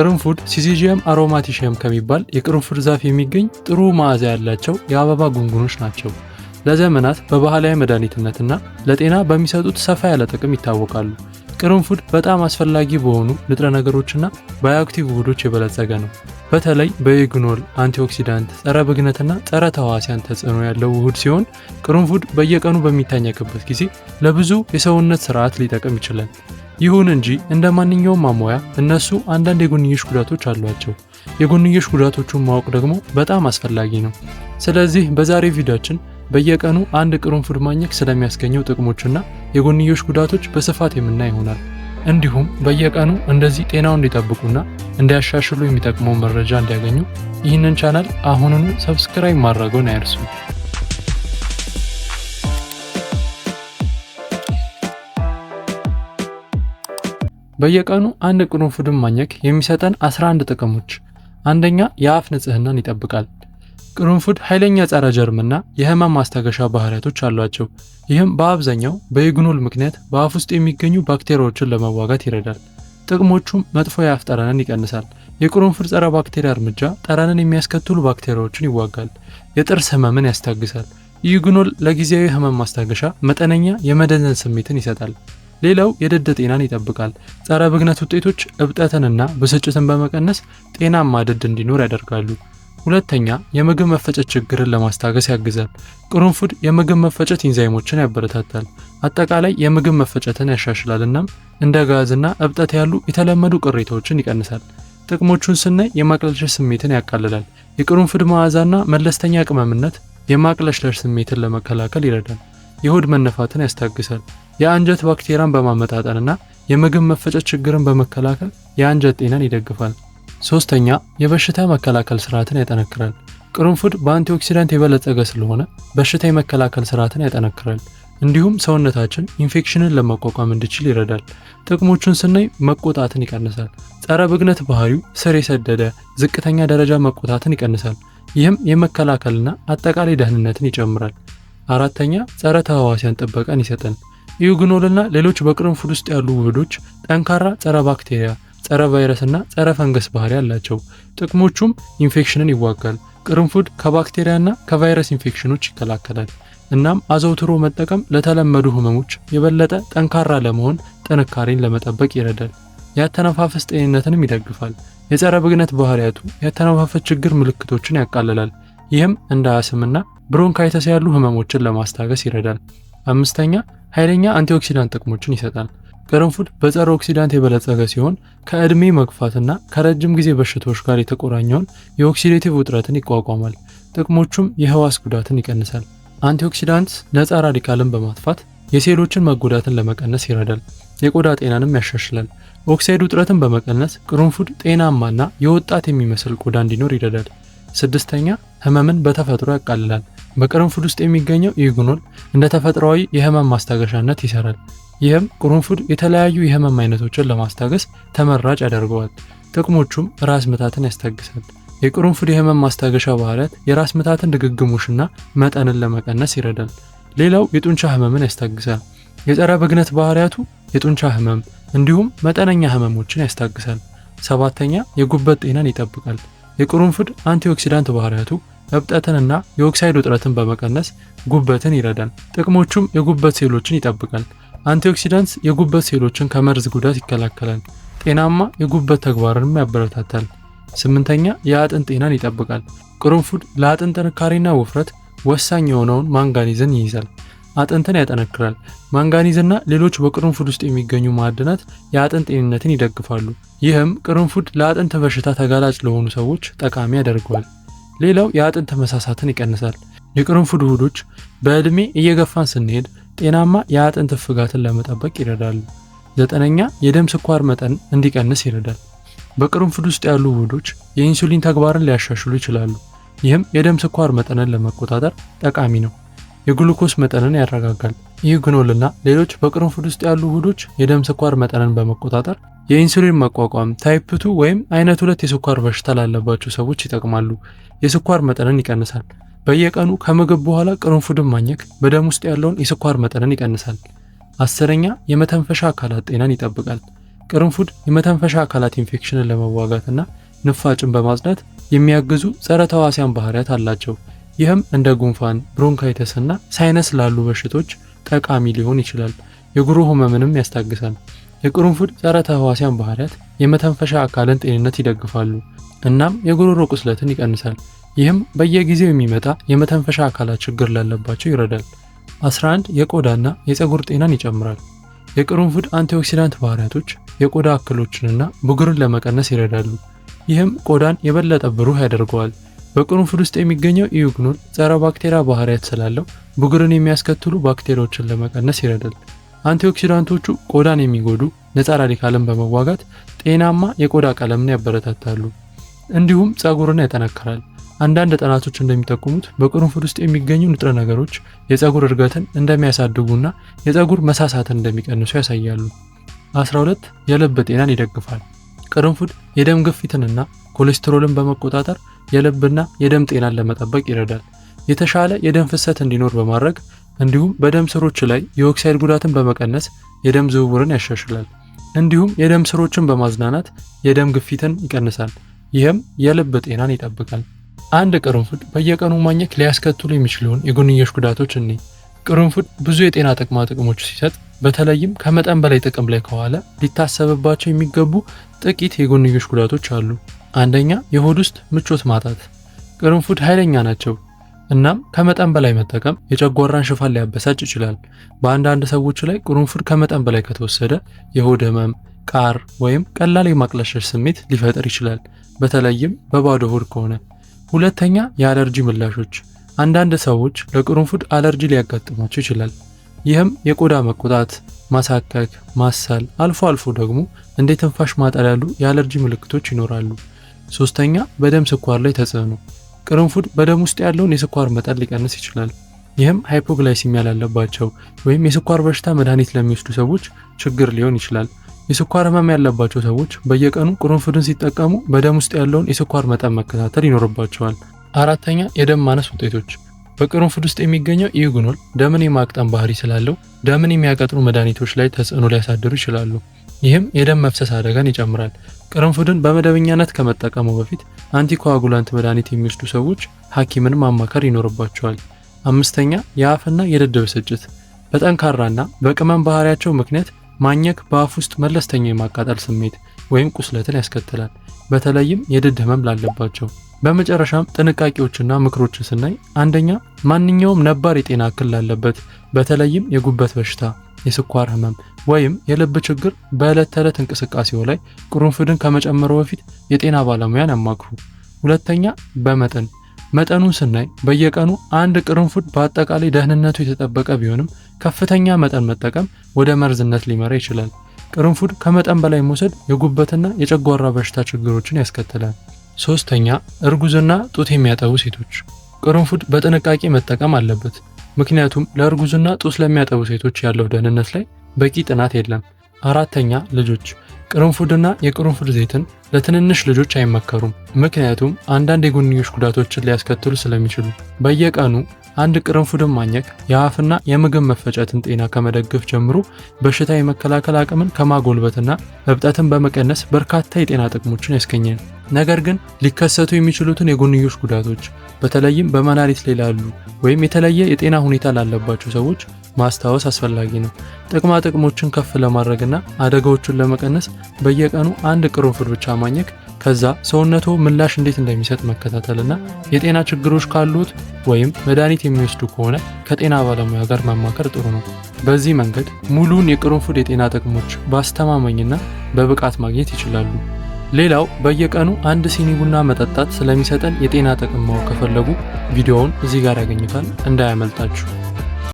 ቅርንፉድ ሲሲጂየም አሮማቲሽየም ከሚባል የቅርንፉድ ዛፍ የሚገኝ ጥሩ መዓዛ ያላቸው የአበባ ጉንጉኖች ናቸው። ለዘመናት በባህላዊ መድኃኒትነትና ለጤና በሚሰጡት ሰፋ ያለ ጥቅም ይታወቃሉ። ቅርንፉድ በጣም አስፈላጊ በሆኑ ንጥረ ነገሮችና ባዮአክቲቭ ውህዶች የበለጸገ ነው። በተለይ በኢግኖል፣ አንቲኦክሲዳንት፣ ጸረ ብግነትና ጸረ ተዋሲያን ተጽዕኖ ያለው ውህድ ሲሆን ቅርንፉድ በየቀኑ በሚታኘክበት ጊዜ ለብዙ የሰውነት ስርዓት ሊጠቅም ይችላል። ይሁን እንጂ እንደ ማንኛውም ማሟያ እነሱ አንዳንድ የጎንዮሽ ጉዳቶች አሏቸው። የጎንዮሽ ጉዳቶቹን ማወቅ ደግሞ በጣም አስፈላጊ ነው። ስለዚህ በዛሬ ቪዲዮችን በየቀኑ አንድ ቅርንፉድ ማኘክ ስለሚያስገኘው ጥቅሞችና የጎንዮሽ ጉዳቶች በስፋት የምናይ ይሆናል። እንዲሁም በየቀኑ እንደዚህ ጤናውን እንዲጠብቁና እንዲያሻሽሉ የሚጠቅመው መረጃ እንዲያገኙ ይህንን ቻናል አሁኑኑ ሰብስክራይብ ማድረገውን አይርሱ። በየቀኑ አንድ ቅርንፉድን ማኘክ የሚሰጠን 11 ጥቅሞች፣ አንደኛ የአፍ ንጽህናን ይጠብቃል። ቅርንፉድ ኃይለኛ ጸረ ጀርምና የህመም ማስታገሻ ባህሪያቶች አሏቸው። ይህም በአብዛኛው በይግኖል ምክንያት በአፍ ውስጥ የሚገኙ ባክቴሪያዎችን ለመዋጋት ይረዳል። ጥቅሞቹም መጥፎ የአፍ ጠረንን ይቀንሳል። የቅርንፉድ ጸረ ባክቴሪያ እርምጃ ጠረንን የሚያስከትሉ ባክቴሪያዎችን ይዋጋል። የጥርስ ህመምን ያስታግሳል። ኢግኖል ለጊዜያዊ ህመም ማስታገሻ መጠነኛ የመደዘን ስሜትን ይሰጣል። ሌላው የድድ ጤናን ይጠብቃል። ጸረ ብግነት ውጤቶች እብጠትንና ብስጭትን በመቀነስ ጤናማ ድድ እንዲኖር ያደርጋሉ። ሁለተኛ የምግብ መፈጨት ችግርን ለማስታገስ ያግዛል። ቅርንፉድ የምግብ መፈጨት ኢንዛይሞችን ያበረታታል፣ አጠቃላይ የምግብ መፈጨትን ያሻሽላል፣ እናም እንደ ጋዝና እብጠት ያሉ የተለመዱ ቅሬታዎችን ይቀንሳል። ጥቅሞቹን ስናይ የማቅለሽለሽ ስሜትን ያቃልላል። የቅርንፉድ መዓዛና መለስተኛ ቅመምነት የማቅለሽለሽ ስሜትን ለመከላከል ይረዳል። የሆድ መነፋትን ያስታግሳል። የአንጀት ባክቴሪያን በማመጣጠንና የምግብ መፈጨት ችግርን በመከላከል የአንጀት ጤናን ይደግፋል። ሶስተኛ የበሽታ መከላከል ስርዓትን ያጠነክራል። ቅርንፉድ በአንቲኦክሲዳንት የበለጸገ ስለሆነ በሽታ የመከላከል ስርዓትን ያጠነክራል። እንዲሁም ሰውነታችን ኢንፌክሽንን ለመቋቋም እንዲችል ይረዳል። ጥቅሞቹን ስናይ መቆጣትን ይቀንሳል። ጸረ ብግነት ባህሪው ስር የሰደደ ዝቅተኛ ደረጃ መቆጣትን ይቀንሳል። ይህም የመከላከልና አጠቃላይ ደህንነትን ይጨምራል። አራተኛ ጸረ ተህዋሲያን ጥበቃን ይሰጠን። ኢዩግኖልና ሌሎች በቅርንፉድ ውስጥ ያሉ ውህዶች ጠንካራ ጸረ ባክቴሪያ፣ ጸረ ቫይረስና ጸረ ፈንገስ ባህሪ አላቸው። ጥቅሞቹም ኢንፌክሽንን ይዋጋል። ቅርንፉድ ከባክቴሪያና ከቫይረስ ኢንፌክሽኖች ይከላከላል። እናም አዘውትሮ መጠቀም ለተለመዱ ህመሞች የበለጠ ጠንካራ ለመሆን ጥንካሬን ለመጠበቅ ይረዳል። የአተነፋፈስ ጤንነትንም ይደግፋል። የጸረ ብግነት ባህሪያቱ የአተነፋፈስ ችግር ምልክቶችን ያቃልላል። ይህም እንደ አስምና ብሮንካይተስ ያሉ ህመሞችን ለማስታገስ ይረዳል። አምስተኛ ኃይለኛ አንቲኦክሲዳንት ጥቅሞችን ይሰጣል። ቅርንፉድ በጸረ ኦክሲዳንት የበለጸገ ሲሆን ከእድሜ መግፋትና ከረጅም ጊዜ በሽታዎች ጋር የተቆራኘውን የኦክሲዴቲቭ ውጥረትን ይቋቋማል። ጥቅሞቹም የህዋስ ጉዳትን ይቀንሳል። አንቲኦክሲዳንት ነፃ ራዲካልን በማጥፋት የሴሎችን መጎዳትን ለመቀነስ ይረዳል። የቆዳ ጤናንም ያሻሽላል። ኦክሳይድ ውጥረትን በመቀነስ ቅርንፉድ ጤናማና የወጣት የሚመስል ቆዳ እንዲኖር ይረዳል። ስድስተኛ ህመምን በተፈጥሮ ያቃልላል። በቅርንፉድ ውስጥ የሚገኘው ኢጉኖል እንደ ተፈጥሯዊ የህመም ማስታገሻነት ይሰራል። ይህም ቅርንፉድ የተለያዩ የህመም አይነቶችን ለማስታገስ ተመራጭ ያደርገዋል። ጥቅሞቹም ራስ ምታትን ያስታግሳል። የቅርንፉድ የህመም ማስታገሻ ባህሪያት የራስ ምታትን ድግግሞሽና መጠንን ለመቀነስ ይረዳል። ሌላው የጡንቻ ህመምን ያስታግሳል። የጸረ ብግነት ባህሪያቱ የጡንቻ ህመም እንዲሁም መጠነኛ ህመሞችን ያስታግሳል። ሰባተኛ የጉበት ጤናን ይጠብቃል። የቅርንፉድ አንቲኦክሲዳንት ባህሪያቱ እብጠትንና የኦክሳይድ ውጥረትን በመቀነስ ጉበትን ይረዳል። ጥቅሞቹም የጉበት ሴሎችን ይጠብቃል። አንቲኦክሲዳንትስ የጉበት ሴሎችን ከመርዝ ጉዳት ይከላከላል። ጤናማ የጉበት ተግባርንም ያበረታታል። ስምንተኛ የአጥንት ጤናን ይጠብቃል። ቅርንፉድ ለአጥንት ጥንካሬና ውፍረት ወሳኝ የሆነውን ማንጋኒዝን ይይዛል። አጥንትን ያጠነክራል። ማንጋኒዝና ሌሎች በቅርንፉድ ውስጥ የሚገኙ ማዕድናት የአጥንት ጤንነትን ይደግፋሉ። ይህም ቅርንፉድ ለአጥንት በሽታ ተጋላጭ ለሆኑ ሰዎች ጠቃሚ ያደርገዋል። ሌላው የአጥንት መሳሳትን ይቀንሳል። የቅርንፉድ ውህዶች በዕድሜ እየገፋን ስንሄድ ጤናማ የአጥንት ፍጋትን ለመጠበቅ ይረዳሉ። ዘጠነኛ የደም ስኳር መጠን እንዲቀንስ ይረዳል። በቅርንፉድ ውስጥ ያሉ ውህዶች የኢንሱሊን ተግባርን ሊያሻሽሉ ይችላሉ። ይህም የደም ስኳር መጠንን ለመቆጣጠር ጠቃሚ ነው። የግሉኮስ መጠንን ያረጋጋል። ይህ ግኖልና ሌሎች በቅርንፉድ ውስጥ ያሉ ውህዶች የደም ስኳር መጠንን በመቆጣጠር የኢንሱሊን መቋቋም ታይፕ ቱ ወይም አይነት ሁለት የስኳር በሽታ ላለባቸው ሰዎች ይጠቅማሉ። የስኳር መጠንን ይቀንሳል። በየቀኑ ከምግብ በኋላ ቅርንፉድን ማኘክ በደም ውስጥ ያለውን የስኳር መጠንን ይቀንሳል። አስረኛ የመተንፈሻ አካላት ጤናን ይጠብቃል። ቅርንፉድ የመተንፈሻ አካላት ኢንፌክሽንን ለመዋጋትና ንፋጭን በማጽዳት የሚያግዙ ጸረ ተዋሲያን ባህሪያት አላቸው። ይህም እንደ ጉንፋን፣ እና ሳይነስ ላሉ በሽቶች ጠቃሚ ሊሆን ይችላል። የጉሮ ህመምንም ያስታግሳል። የቅርንፉድ ጸረ ተህዋሲያን ባህሪያት የመተንፈሻ አካልን ጤንነት ይደግፋሉ፣ እናም የጉሮሮ ቁስለትን ይቀንሳል። ይህም በየጊዜው የሚመጣ የመተንፈሻ አካላት ችግር ላለባቸው ይረዳል። 11 የቆዳና የፀጉር ጤናን ይጨምራል። የቅርንፉድ አንቲኦክሲዳንት ባህሪያቶች የቆዳ እክሎችንና ብጉርን ለመቀነስ ይረዳሉ። ይህም ቆዳን የበለጠ ብሩህ ያደርገዋል። በቅርንፉድ ውስጥ የሚገኘው ኢዩግኖን ጸረ ባክቴሪያ ባህሪያት ስላለው ብጉርን የሚያስከትሉ ባክቴሪያዎችን ለመቀነስ ይረዳል። አንቲኦክሲዳንቶቹ ቆዳን የሚጎዱ ነፃ ራዲካልን በመዋጋት ጤናማ የቆዳ ቀለምን ያበረታታሉ። እንዲሁም ጸጉርን ያጠናክራል። አንዳንድ ጥናቶች እንደሚጠቁሙት በቅርንፉድ ውስጥ የሚገኙ ንጥረ ነገሮች የጸጉር እድገትን እንደሚያሳድጉና የጸጉር መሳሳትን እንደሚቀንሱ ያሳያሉ። 12 የልብ ጤናን ይደግፋል። ቅርንፉድ የደም ግፊትንና ኮሌስትሮልን በመቆጣጠር የልብና የደም ጤናን ለመጠበቅ ይረዳል። የተሻለ የደም ፍሰት እንዲኖር በማድረግ እንዲሁም በደም ስሮች ላይ የኦክሳይድ ጉዳትን በመቀነስ የደም ዝውውርን ያሻሽላል። እንዲሁም የደም ስሮችን በማዝናናት የደም ግፊትን ይቀንሳል። ይህም የልብ ጤናን ይጠብቃል። አንድ ቅርንፉድ በየቀኑ ማግኘት ሊያስከትሉ የሚችለውን የጎንዮሽ ጉዳቶች እኔ ቅርንፉድ ብዙ የጤና ጥቅማ ጥቅሞች ሲሰጥ በተለይም ከመጠን በላይ ጥቅም ላይ ከኋላ ሊታሰብባቸው የሚገቡ ጥቂት የጎንዮሽ ጉዳቶች አሉ። አንደኛ የሆድ ውስጥ ምቾት ማጣት። ቅርንፉድ ኃይለኛ ናቸው፣ እናም ከመጠን በላይ መጠቀም የጨጓራን ሽፋን ሊያበሳጭ ይችላል። በአንዳንድ ሰዎች ላይ ቅርንፉድ ከመጠን በላይ ከተወሰደ የሆድ ህመም፣ ቃር ወይም ቀላል የማቅለሸሽ ስሜት ሊፈጥር ይችላል፣ በተለይም በባዶ ሆድ ከሆነ። ሁለተኛ የአለርጂ ምላሾች። አንዳንድ ሰዎች ለቅርንፉድ አለርጂ ሊያጋጥማቸው ይችላል። ይህም የቆዳ መቆጣት፣ ማሳከክ፣ ማሳል፣ አልፎ አልፎ ደግሞ እንደ ትንፋሽ ማጠር ያሉ የአለርጂ ምልክቶች ይኖራሉ። ሶስተኛ በደም ስኳር ላይ ተጽዕኖ፣ ቅርንፉድ በደም ውስጥ ያለውን የስኳር መጠን ሊቀንስ ይችላል። ይህም ሃይፖግላይሲሚያ ላለባቸው ወይም የስኳር በሽታ መድኃኒት ለሚወስዱ ሰዎች ችግር ሊሆን ይችላል። የስኳር ህመም ያለባቸው ሰዎች በየቀኑ ቅርንፉድን ሲጠቀሙ በደም ውስጥ ያለውን የስኳር መጠን መከታተል ይኖርባቸዋል። አራተኛ የደም ማነስ ውጤቶች በቅርንፉድ ውስጥ የሚገኘው ይህ ጉኖል ደምን የማቅጠን ባህሪ ስላለው ደምን የሚያቀጥኑ መድኃኒቶች ላይ ተጽዕኖ ሊያሳድሩ ይችላሉ። ይህም የደም መፍሰስ አደጋን ይጨምራል። ቅርንፉድን በመደበኛነት ከመጠቀሙ በፊት አንቲኮአጉላንት መድኃኒት የሚወስዱ ሰዎች ሐኪምን ማማከር ይኖርባቸዋል። አምስተኛ የአፍና የድድ ብስጭት። በጠንካራና በቅመም ባህሪያቸው ምክንያት ማኘክ በአፍ ውስጥ መለስተኛ የማቃጠል ስሜት ወይም ቁስለትን ያስከትላል። በተለይም የድድ ህመም ላለባቸው በመጨረሻም ጥንቃቄዎችና ምክሮችን ስናይ አንደኛ ማንኛውም ነባር የጤና እክል ላለበት በተለይም የጉበት በሽታ፣ የስኳር ህመም ወይም የልብ ችግር በዕለት ተዕለት እንቅስቃሴው ላይ ቅርንፉድን ከመጨመሩ በፊት የጤና ባለሙያን ያማክሩ። ሁለተኛ በመጠን መጠኑን ስናይ በየቀኑ አንድ ቅርንፉድ በአጠቃላይ ደህንነቱ የተጠበቀ ቢሆንም ከፍተኛ መጠን መጠቀም ወደ መርዝነት ሊመራ ይችላል። ቅርንፉድ ከመጠን በላይ መውሰድ የጉበትና የጨጓራ በሽታ ችግሮችን ያስከትላል። ሶስተኛ እርጉዝና ጡት የሚያጠቡ ሴቶች ቅርንፉድ በጥንቃቄ መጠቀም አለበት። ምክንያቱም ለእርጉዝና ጡት ለሚያጠቡ ሴቶች ያለው ደህንነት ላይ በቂ ጥናት የለም። አራተኛ ልጆች ቅርንፉድና የቅርንፉድ ዘይትን ለትንንሽ ልጆች አይመከሩም። ምክንያቱም አንዳንድ የጎንዮሽ ጉዳቶችን ሊያስከትሉ ስለሚችሉ በየቀኑ አንድ ቅርንፉድን ማኘክ የአፍና የምግብ መፈጨትን ጤና ከመደገፍ ጀምሮ በሽታ የመከላከል አቅምን ከማጎልበትና እብጠትን በመቀነስ በርካታ የጤና ጥቅሞችን ያስገኛል። ነገር ግን ሊከሰቱ የሚችሉትን የጎንዮሽ ጉዳቶች በተለይም በመናሪት ላይ ላሉ ወይም የተለየ የጤና ሁኔታ ላለባቸው ሰዎች ማስታወስ አስፈላጊ ነው። ጥቅማ ጥቅሞችን ከፍ ለማድረግና አደጋዎችን ለመቀነስ በየቀኑ አንድ ቅርንፉድ ብቻ ማኘክ ከዛ ሰውነቱ ምላሽ እንዴት እንደሚሰጥ መከታተልና የጤና ችግሮች ካሉት ወይም መድኃኒት የሚወስዱ ከሆነ ከጤና ባለሙያ ጋር መማከር ጥሩ ነው። በዚህ መንገድ ሙሉን የቅርንፉድ የጤና ጥቅሞች በአስተማማኝና በብቃት ማግኘት ይችላሉ። ሌላው በየቀኑ አንድ ሲኒ ቡና መጠጣት ስለሚሰጠን የጤና ጥቅም ማወቅ ከፈለጉ ቪዲዮውን እዚህ ጋር ያገኙታል፣ እንዳያመልጣችሁ።